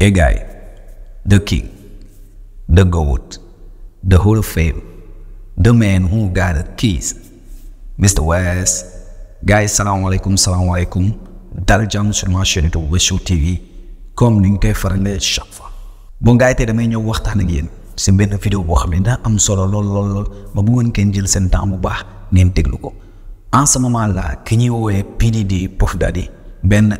Hey guy, the king, the goat, the Hall of Fame, the man who got the keys, Mr. West. Guys, salaamaaleykum salaamaaleykum dal jàmm sur ma chaîne YouTube Weshow TV comme ni ñu koy faralee chaque fois. bon gars tey damay ñëw waxtaan ak yéen si benn vidéo boo xam ne daa am solo lool lool lool ba bu ngeen kenn jël seen temps bu baax ngeen déglu ko en ce moment là ki ñuy woowee PDD Puff Daddy benn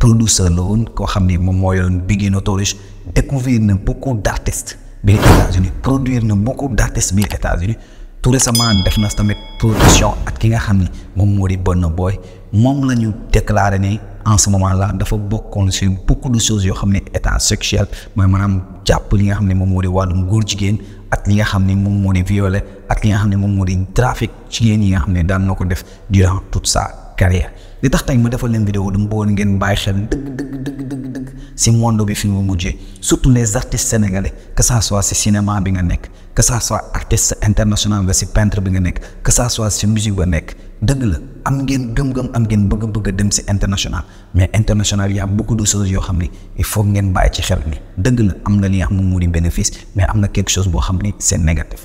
producer la woon koo xam ni moom moo bi Biggie Notorious découvrir na beaucoup d' artistes biir États-Unis produire na beaucoup d' artistes biir États-Unis tout récemment def na tamit production ak ki nga xam ni moom moo di Burna Boy moom la ñu déclaré ni en ce moment là dafa bokkoon sur beaucoup de choses yoo xam ne état sexuel mooy maanaam jàpp li nga xam ne moom moo di wàllum góor jigéen ak li nga xam ne moom moo di violé ak li nga xam ne moom moo di trafic jigéen yi nga xam ne daan na ko def durant toute ça. carrière li tax tey ma defal leen ngeen bàyyi dëgg dëgg dëgg dëgg si monde bi fi mu mujjee surtout les artistes sénégalais que ça soit si cinéma bi nga nekk que ça soit artiste international nga si peintre bi nga nekk que ça soit si musique ba nekk dëgg la am ngeen gëm-gëm am ngeen bëgg-bëgg a dem si international mais international y a beaucoup de xam ni il ngeen bàyyi ci xel dëgg la am na li nga xam ne mu di bénéfice mais am na quelque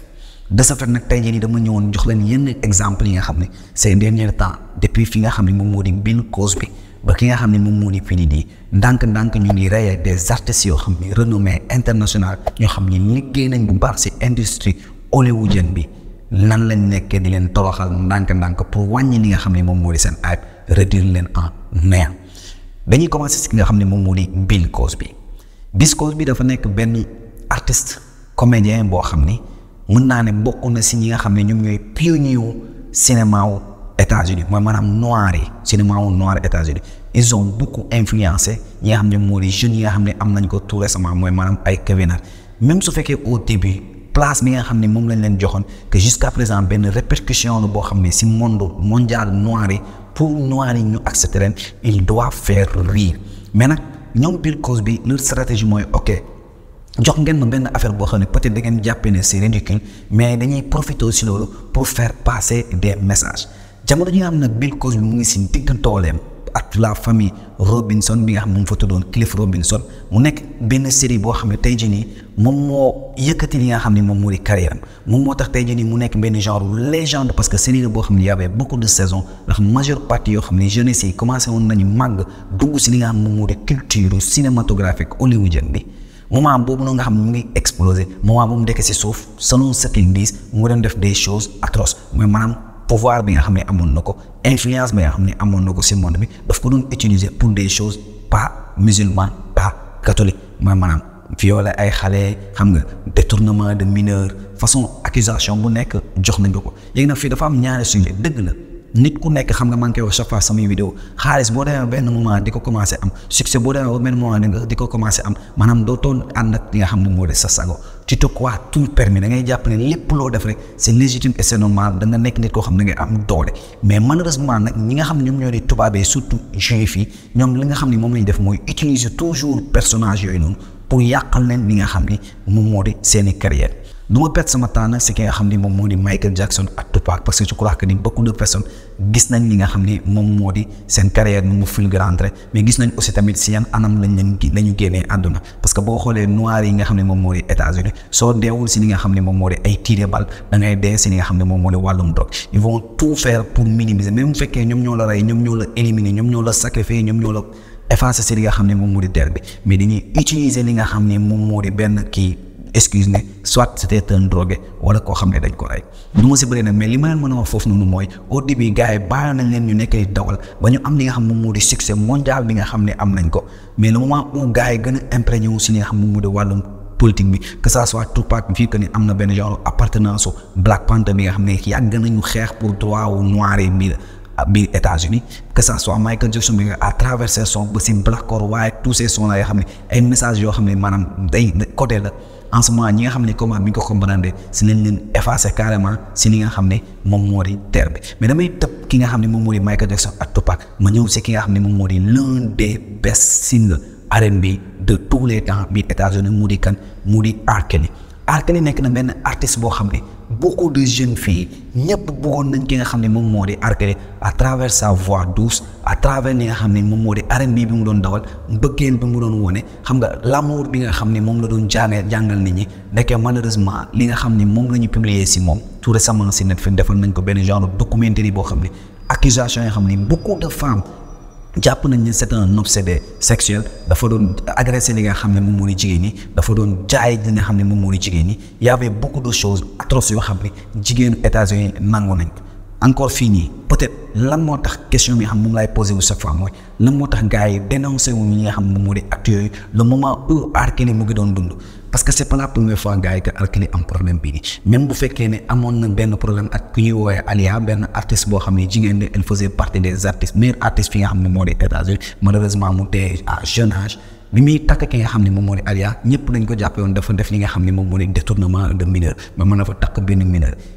de ce fait nag tey jii nii dama ñëwoon jox leen yenn exemple yi nga xam ne ces derniers temps depuis fi xam ne moom moo di mbill cause bi ba ki nga xam moom moo di fii nii ndànk-ndànk ñu ngi rey des artistes yoo xam ne renommée internationale ñoo xam ne liggéey nañ bu baax si industrie hollywoodienne bi lan lañ nekkee di leen toroxal ndànk-ndànk pour wàññi li nga xam ne moom moo di seen ayib réduire leen en néant dañuy commencé si nga xam ne moom moo di Bill Cosby Bill Cosby dafa nekk benn artiste comédien boo xam ni. mën naa ne bokk na si ñi nga xam ne ñoom ñooy pionnier wu cinéma wu États-Unis mooy maanaam noir yi cinéma noir États-Unis ils ont beaucoup influencé ñi nga xam ne moo di yi nga xam ne am nañ ko tout récemment mooy maanaam ay Kevin Hart même su fekkee au début place bi nga xam ne lañ leen joxoon que jusqu'à présent benn répercussion la boo xam ne si monde mondial noir yi pour noir yi ñu accepter leen il doit faire rire mais nag ñoom Bill Cosby leur stratégie mooy ok. jox ngeen ma benn affaire boo xam ne peut-être da ngeen jàppee ne c'est mais dañuy profité si loolu pour faire passer des messages jamono ji nga xam nag Bill Cosby mu ngi si diggantooleem ak la famille Robinson bi nga xam ne mu ngi fa tuddoon Cliff mu nekk benn série boo xam ne tey jii nii moom moo yëkkati li nga xam ne moom moo di moom moo tax tey jën nii mu nekk benn genre légende parce que série la boo xam ne y avait beaucoup de saisons ndax majeure partie yoo xam ne jeunesse yi commencé woon nañu màgg dugg si li nga xam ne moom moo di culture cinématographique bi. moment boobu noonu nga xam ne mu ngi explosé moment bu mu dekkee si suuf selon certains disent mu doon def des choses atroces mooy maanaam pouvoir bi nga xam ne amoon na ko influence bi nga xam ne amoon na ko si monde bi daf ko doon utiliser pour des choses pas musulmans pas catholiques mooy maanaam violé ay xale xam nga détournement de mineur façon accusation bu nekk jox nañ ko ko léegi nag fii dafa am ñaari sujet dëgg la. nit ku nekk xam nga maa ngi koy wax chaque fois samay vidéo xaalis boo demee benn moment di ko commencé am succès boo demee benn moment di nga di ko commencé am maanaam doo toon ànd ak li nga xam ne moo de sa sago tu te crois tout permis da ngay jàpp ne lépp loo def rek c'est légitime et c'est normal da nga nekk nit koo xam ne da ngay am doole mais malheureusement nag ñi nga xam ne ñoom ñoo di tubaabee surtout juif yi ñoom li nga xam ne moom lañ def mooy utiliser toujours personnage yooyu noonu pour yàqal leen li nga xam ni moom moo di seeni carrière du ma perdre sama temps nag si ki nga xam ni moom moo di Michael Jackson ak Tupac parce que je crois que ni beaucoup de personnes gis nañ li nga xam ne moom moo di seen carrière nu mu fulgurante mais gis nañ aussi tamit si yan anam lañ leen la ñu génnee àdduna parce que boo xoolee noirs yi nga xam ne moom moo di États-Unis soo deewul si li nga xam ne moom moo di ay tiré bal da dee si li nga xam ne moom moo di wàllum drogue ils vont tout faire pour minimiser même bu fekkee ñoom ñoo la rey ñoom ñoo la éliminer ñoom ñoo la sacrifier ñoom ñoo la effacer si li nga xam ne moom moo di der nga xam ne moom moo di kii excuse ne soit c'était un drogué wala koo xam ne dañ ko rey ñu ma si bëri nag mais li ma leen mën a wax foofu noonu mooy au début gars yi bàyyi nañ leen ñu nekk di dawal ba ñu am li nga xam moom moo di succès mondial bi nga xam ne am nañ ko mais le moment où gars si li nga xam moom moo di wàllum politique ni am na benn genre appartenance Black Panther bi xam ne yàgg nañu xeex pour droit wu noir yi biir biir États-Unis que ça soit à travers ses sons waaye tous ces sons la yoo ne ay messages yoo xam ne maanaam day côté la en ce ñi nga xam ne comment bi ñu ko comprendre si nañ leen nga xam ne moom moo di terre bi mais damay tëb ki nga xam ne moom moo di Michael Jackson ak Tupac ma ñëw si ki nga xam ne moom moo di l'un des best singles bi de tous les temps biir États-Unis mu di kan mu di R. Kelly Alkane nekk na benn artiste boo xam ne beaucoup de jeunes fii ñëpp bëggoon nañ ki nga xam ne moom moo di Alkane à travers sa voix douce à travers li nga xam ne moom moo di R&B bi mu doon dawal mbëggeel bi mu doon wone xam nga l'amour bi nga xam ne moom la doon jàngal jàngal nit ñi nekkee malheureusement li nga xam ni moom la ñu publier si moom tout récemment si Netflix defal nañ ko benn genre documentaire boo xam ne accusation nga xam ni beaucoup de femmes jàpp nañ ne c'est un obsédé sexuel dafa doon agressé li nga xam ne moom moo jigéen ñi dafa doon jaay li nga xam ne moom moo di jigéen ñi y avait beaucoup de choses atroces yoo xam ne jigéenu États-Unis nangu nañ ko encore fii nii peut-être lan moo tax question bi xam moom laay posé wu chaque fois mooy moo tax gars yi dénoncé wu nga xam moom moo di actes yooyu le moment où Arkeli mu ngi doon dund. parce que c'est pas la première fois gars yi que Alkali am problème bii nii même bu fekkee ne amoon na benn problème ak ku ñuy woowee Alia benn artiste boo xam ne jigéen la elle faisait partie des artistes meilleurs artistes fi nga xam ne moo di États-Unis malheureusement mu dee à jeune âge bi muy takk ki nga xam ne moom moo di Alia ñëpp dañ ko jàppe woon dafa def li nga xam ne moom moo di détournement de mineur ba mën a fa takk benn mineur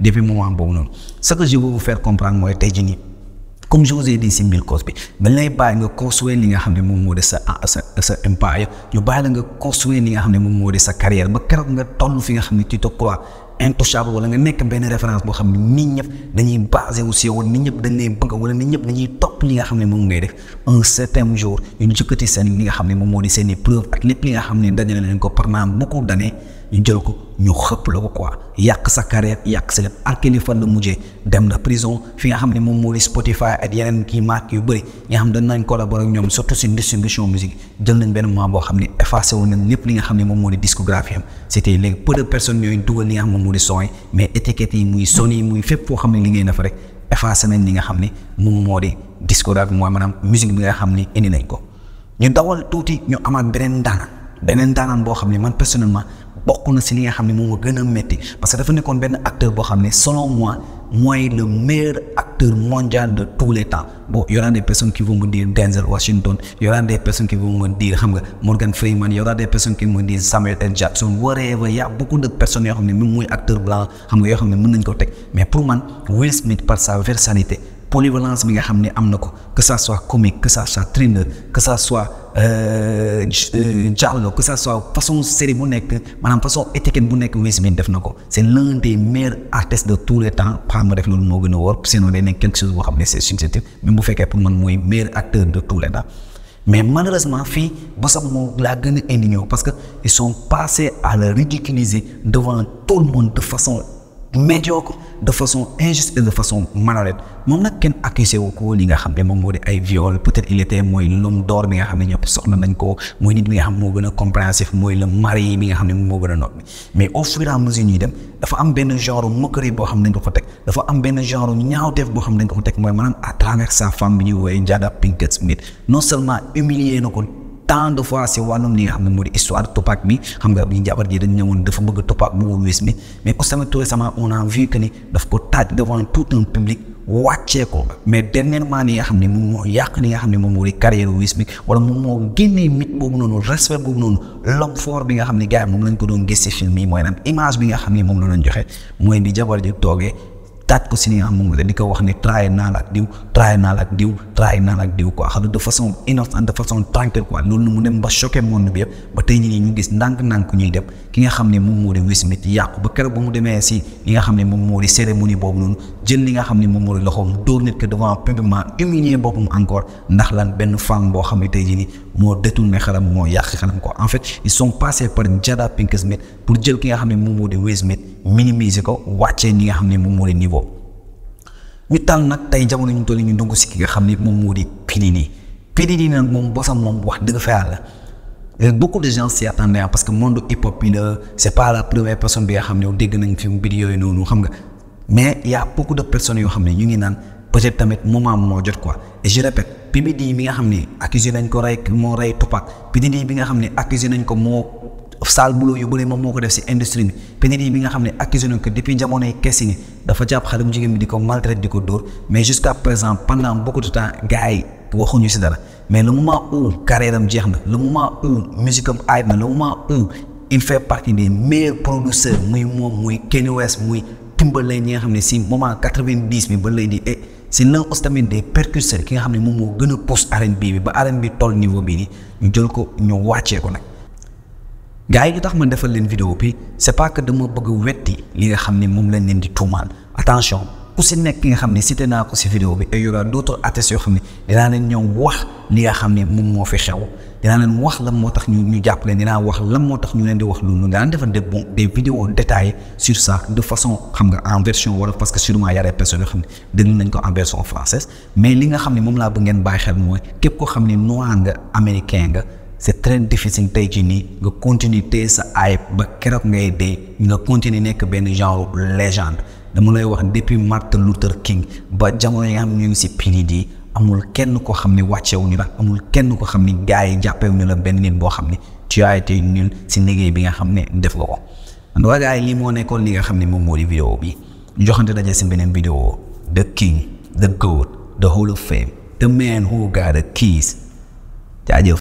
depuis moment boobu noonu ce que je veux vous faire mooy tey jii nii comme je vous ai dit si mille causes bi dañ nga construire li nga xam ne moom moo di sa ah, sa ñu bàyyi la nga construire li nga xam ne moom moo di sa carrière ba keroog nga toll fi nga xam ne tu te crois intouchable wala nga nekk benn référence boo xam ne nit ñëpp dañuy basé wu si yow nit ñëpp dañ lay topp li nga xam ne moom ngay def un certain jour seen li nga xam ne moom moo di seen i preuve ak lépp li nga xam ne dajale leen ko pendant beaucoup d'années ñu jël ko ñu xëpp la ko yàq sa carrière yàq sa lépp Akili fan la mujjee dem na prison fi nga xam ne moom moo di Spotify ak yeneen kii marque yu bëri nga xam dañ nañ ne effacé woon nañ lépp li nga xam ne moom moo di discographie mais étiquettes yi muy son muy fépp foo xam ne liggéey na fa rek effacé nañ li nga xam ne moom moo di discographie mooy maanaam musique bi nga xam ne indi nañ ko ñu dawal tuuti ñu amaat beneen daanaan beneen daanaan boo xam ne man personnellement bokk na si li nga xam ne moom a gën a métti parce que dafa nekkoon benn acteur boo xam ne selon moi mooy le meilleur acteur mondial tous les temps bon y aura qui vont me dire Denzel Washington y aura qui vont me dire xam nga Morgan Freeman y aura des personnes qui vont me L. Jackson a beaucoup de personnes yoo xam ne même mooy acteur blanc xam nga yoo xam ne mën nañ ko teg mais pour man Will Smith par sa versatilité polyvalence bi nga xam ne am na ko que ça soit comique Eh, eh, jaxlo que ça soit façon série bu nekk maanaam façon étiquette bu nekk Will Smith def na ko c' est l'un des meilleurs artistes de tous les temps xam nga def loolu moo gën a wóor sinon day nekk quelque chose boo xam ne c' est subjectif même bu fekkee pour man mooy meilleur acteur de tous les temps mais malheureusement fii ba sax moo laa gën a indigné parce que ils sont passés à le ridiculiser devant tout le monde de façon médiocre de façon injuste et de façon malhonnête moom nag kenn accusé wu ko nga xam ne moom moo di ay viol peut-être mooy l'homme d'or bi nga xam ne ñëpp soxla nañ ko mooy nit bi moo gën a compréhensif mooy le nga xam ne moo gën a nopp mais au fur et à mesure dem dafa am benn genre moquerie boo xam ne dañ ko teg dafa am benn genre ñaawteef boo xam ne dañ ko ko teg mooy maanaam à travers sa femme bi ñuy woowee Jada Pinkett Smith non seulement humilié na ko tant de fois si wàllum li nga xam ne moo di histoire Tupac bi xam nga jabar ji a nga xam ne moom moo nga xam ne moom moo di carrière wis génnee mit boobu noonu respect boobu noonu l'homme fort bi nga xam ne gars yi moom lañ ko doon gis si film yi mooy nag image bi nga xam ne moom la doon joxe mooy bi jabar ji toogee taaj ko si li nga xam moom la di ko wax ni trahé naa la ak diw trahé naa la ak diw trahé naa ak diw quoi xam ne de façon innocente de façon tranquille quoi loolu nu mu ba choqué monde bi yëpp ba tey ñi nii ñu gis ndànk-ndànk ñuy dem ki nga xam ne moom moo di Will Smith yàqu ba keroog ba mu demee si li nga xam ne moom moo di cérémonie boobu noonu jël li nga xam ne moom moo di loxoom dóor nit que devant publiquement humilier boppam encore ndax lan benn femme boo xam ne tey jii nii moo détourné xaram moo yàq xaram ko en fait ils sont passés par Jada Pinkett Smith pour jël ki nga xam ne moom moo di Will Smith ko wàccee ñi nga xam ne moom moo di ñu tal ñu toll si ki nga xam ne moom moo di Pinini Pinini nag moom bosam moom wax dëgg fa yàlla beaucoup de gens s'y attendaient parce que la c'est pas la première personne ne dégg nañ fi mu yoo xam ne ñu ngi naan peut-être tamit moment moo jot quoi et je répète. Pemidi mi nga xam ne accusé nañ ko rey moo rey Tupac Pemidi bi nga xam ne accusé nañ ko moo sale boulot yu bëri moom moo ko def si industrie bi Pemidi bi nga xam ne accusé nañ ko depuis jamonoy kees yi dafa jàpp xale bu jigéen bi di ko maltraité mais jusqu'à présent pendant beaucoup si mais le moment jeex na le moment où musique am aay na le moment où il fait partie des muy moom muy Kanye West muy Timbaland nga xam ne si moment quatre-vingt-dix mi ba léegi di c'est l'un aussi tamit des percusseurs ki nga xam ne moom moo gën a pousse bii bi ba R&B bi toll niveau bii nii ñu jël ko ñu wàccee ko nag gaa yi li tax ma defal leen video bi c'est pas que dama bëgg wetti li nga xam ne moom lañ leen di tuumaal attention ku si nekk nga xam ne cité naa ko si vidéo bi et y aura d'autres artistes yoo xam ne dinaa leen ñëw wax wax lan moo tax ñu ñu jàpp leen wax lan moo tax ñu leen di wax loolu dinaa defar des bon des de façon xam nga en version wolof parce que sûrement y a des personnes yoo xam ne dégg nañ ko en version mais li nga xam ne moom laa bëgg ngeen bàyyi xel mooy képp koo xam ne noir nga américain nga c'est très difficile tey jii nii nga continuer téye sa ayib ba keroog ngay dee nga continuer nekk benn genre légende dama lay wax depuis Martin Luther King ba jamono yi nga xam ne ñu ngi si di amul kenn koo xam ne wàccewu ni la amul kenn koo xam ni gaa yi jàppewu ni la benn nit boo xam ne tu as été nul si liggéey bi nga xam ne def nga ko waa gars yi lii moo nekkoon li nga xam ne moom moo di vidéo bi ñu joxante daje si beneen vidéo the king da goat the hall of fame the man who got the keys jaajëf